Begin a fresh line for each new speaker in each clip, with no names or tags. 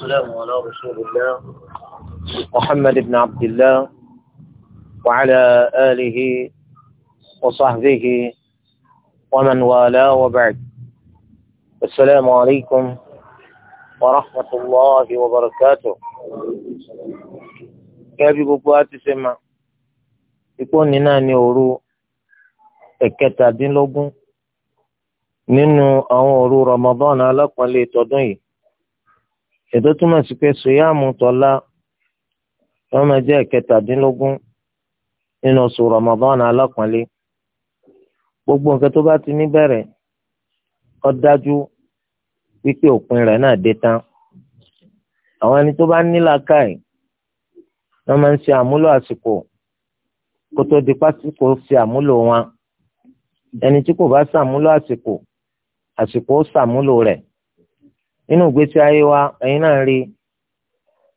والسلام على رسول الله محمد بن عبد الله وعلى آله وصحبه ومن والاه وبعد السلام عليكم ورحمة الله وبركاته kẹ́bí بقوات á ti ṣe máa ìpọ́nì náà ní òru ẹ̀kẹtàdínlógún nínú àwọn òru Ramadan ètò túmọ̀ sí pé sòyàmù tọ́lá wọ́n máa jẹ́ ìkẹtàdínlógún nínú oṣù Ramadan alápọ̀nlé gbogbo nǹkan tó bá ti ní bẹ̀rẹ̀ ó dájú wípé òpin rẹ̀ náà dé tán àwọn ẹni tó bá ní làákàyè wọ́n máa ń ṣe àmúlò àsìkò kó tó di pásítọ̀ ṣe àmúlò wọn ẹni tí kò bá ṣàmúlò àsìkò àsìkò ó ṣàmúlò rẹ̀ nínú ìgbésí ayé wa ẹ̀yin náà rí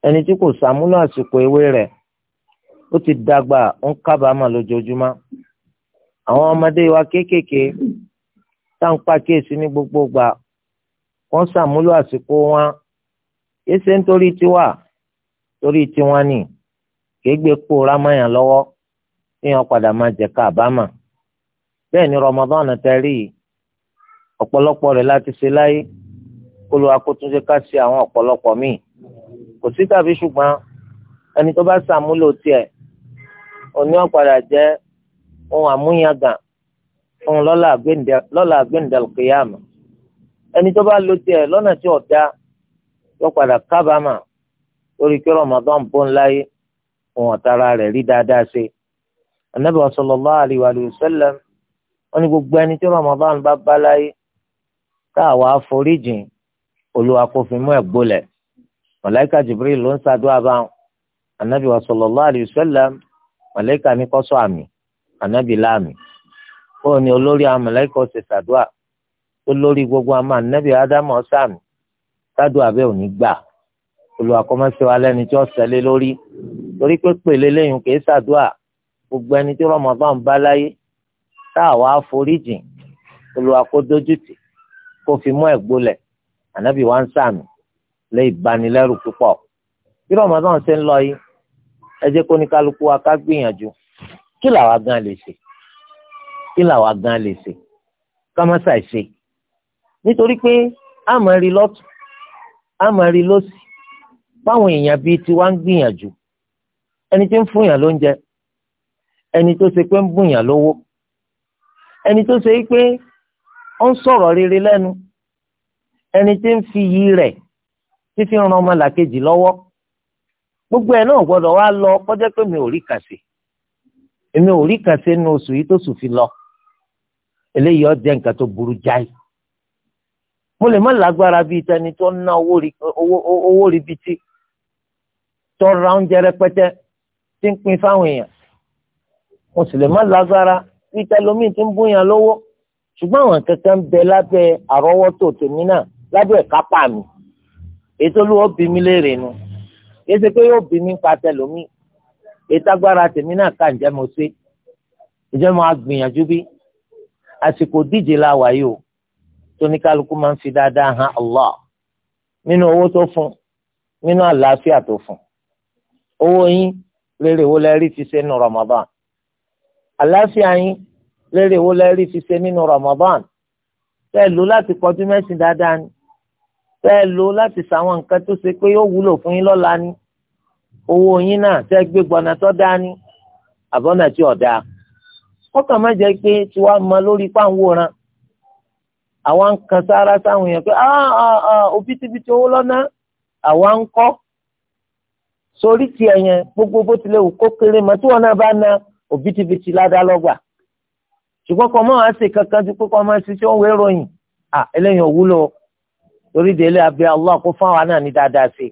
ẹni tí kò sàmúlò àsìkò ewé rẹ̀ ó ti dàgbà ń kábàámà lójoojúmọ́ àwọn ọmọdé wa kéékèèké tá ń pàkíyèsí ní gbogbo gbà wọ́n sàmúlò àsìkò wọn èsè nítorí tiwa torí tiwọn ni kéègbé lọ́wọ́ padà máa jẹ kábàámà bẹ́ẹ̀ ni ọ̀pọ̀lọpọ̀ rẹ̀ láti Olúwa kó tún jẹ́ ká ṣe àwọn ọ̀pọ̀lọpọ̀ míì kò sí tàbí ṣùgbọ́n ẹni tó bá ṣàmúlò tiẹ̀ òní ọ̀padà jẹ́ ohun àmúyangàn fún lọ́la àgbéǹdàlùkìyàmù ẹni tó bá lo tiẹ̀ lọ́nà tí ọ̀dá yóò padà kábàámà lórí kí Ramadan bó ńlá yé ohun ọ̀tara rẹ̀ rí dáadáa ṣe anabi sallallahu alayhi wa sallam wọn ni gbogbo ẹni tí Ramadan bá bá láyé tá foríjìn olúwa kò fi mú ẹ̀ gbolẹ̀ mọ̀lẹ́kà jibril ló ń ṣàdúrà bá anabi wa sallallahu alayhi wa sallam mọ̀lẹ́kà ní kó sọ àmì anabi láàmì ó ní olórí àwọn mọ̀lẹ́kà ó ṣe ṣàdúrà ó lórí gbogbo àmọ́ anabi adamu ọ̀sàmì ṣàdúrà bẹ́ẹ̀ ò ní gbà olúwa kó má ṣe wa lẹ́ni tí ó ṣẹlẹ̀ lórí torí pé pèlè lẹ́yìn kì í ṣàdúrà gbogbo ẹni tí rọmọbọ́n bá láyé tá àwa foríjìn olùwà kó dójútì kó fi mú ẹ̀gbólẹ̀ ànábì wa ń sàmì lé ìbanilẹ́rù púpọ̀ bí Ramadan ṣe ń lọ yìí ẹ jẹ́ kó ní kálukú wa ká gbìyànjú kí làwa gan lè ṣe kí làwa gan lè ṣe ká má ṣàìṣe nítorí pé a máa rí lọ́tún a máa rí lọ́sì báwọn èèyàn bíi tiwa ń gbìyànjú ẹni tí ń fún yàn lóúnjẹ ẹni tó ṣe pé ń bùn lówó ẹni tó ṣe pé ó ń sọ̀rọ̀ rere lẹ́nu ẹni tí ń fi yí rẹ̀ títí ran ọmọ làkejì lọ́wọ́ gbogbo ẹ̀ náà gbọ́dọ̀ wá lọ kọjá pé mi ò rí kàṣe èmi ò rí kàṣe nínú oṣù yìí tó sùn fi lọ eléyìí ọjẹ nǹkan tó burú jáì mo lè má lágbára bíi tẹni tó ń ná owó ribiti tó ra oúnjẹ rẹpẹtẹ tí ń pín fáwọn èèyàn mo sì lè má lágbára bíi tẹlómi tí ń búyàn lówó ṣùgbọ́n àwọn kankan bẹ lábẹ́ àrọ́wọ́tò tèmi náà lábẹ́ ìkápá mi ètò olúwo bí mi léèrè nu kìí pé yóò bí mi pa tẹlómi ètò agbára tèmi náà ká ǹjẹ́ mo ṣe ǹjẹ́ mo gbìyànjú bí àsìkò díje la wà yìí o tóníkálukú máa ń fi dáadáa hàn Allah nínú owó tó fún nínú àlàáfíà tó fún owó yín lérè wo lẹ́rí fi ṣe nínú Ramadan àlàáfíà yín lérè wo lẹ́rí fi ṣe nínú Ramadan tẹ́ lò láti kọjú mẹ́sìn dáadáa ni tẹ́ ẹ láti sàwọn nǹkan tó ṣe pé yóò wúlò fún yín lọ́la ni owó yín náà tẹ́ gbé gbọ́nà tó dá ní àbọ̀nà tí ò dáa kọ́kàn má jẹ́ pé tí wàá mọ lórí páńwòrán àwa ń kan sára sáwọn èèyàn pé òbítíbitì owó lọ́nà àwa ń kọ́ sórí ti gbogbo bó tilẹ̀ wù kó kéré tí náà bá na òbítíbitì ládàá lọ́gbà ṣùgbọ́n kọ́ mọ́ àá ṣe kankan ju pé kọ́ máa ṣiṣẹ́ òun wéròyìn ah eléyìí ò wúlò o. torí délé abẹ́ Allah kó fún àwa náà ní dáadáa sí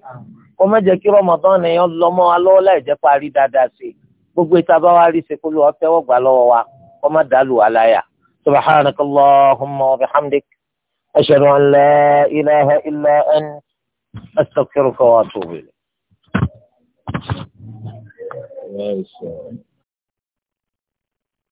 kó má jẹ́ kí Ramadan yẹn lọ mọ́ wa lọ́wọ́ láì jẹ́ parí dáadáa sí gbogbo ìta bá wa rí ṣe kó lọ́ọ́ tẹ́wọ́ gbà lọ́wọ́ wa kó má dàlù wà láyà subhanakallahumma wa bihamdik ashhadu an la ilaha illa anta astaghfiruka wa atubu ilayk.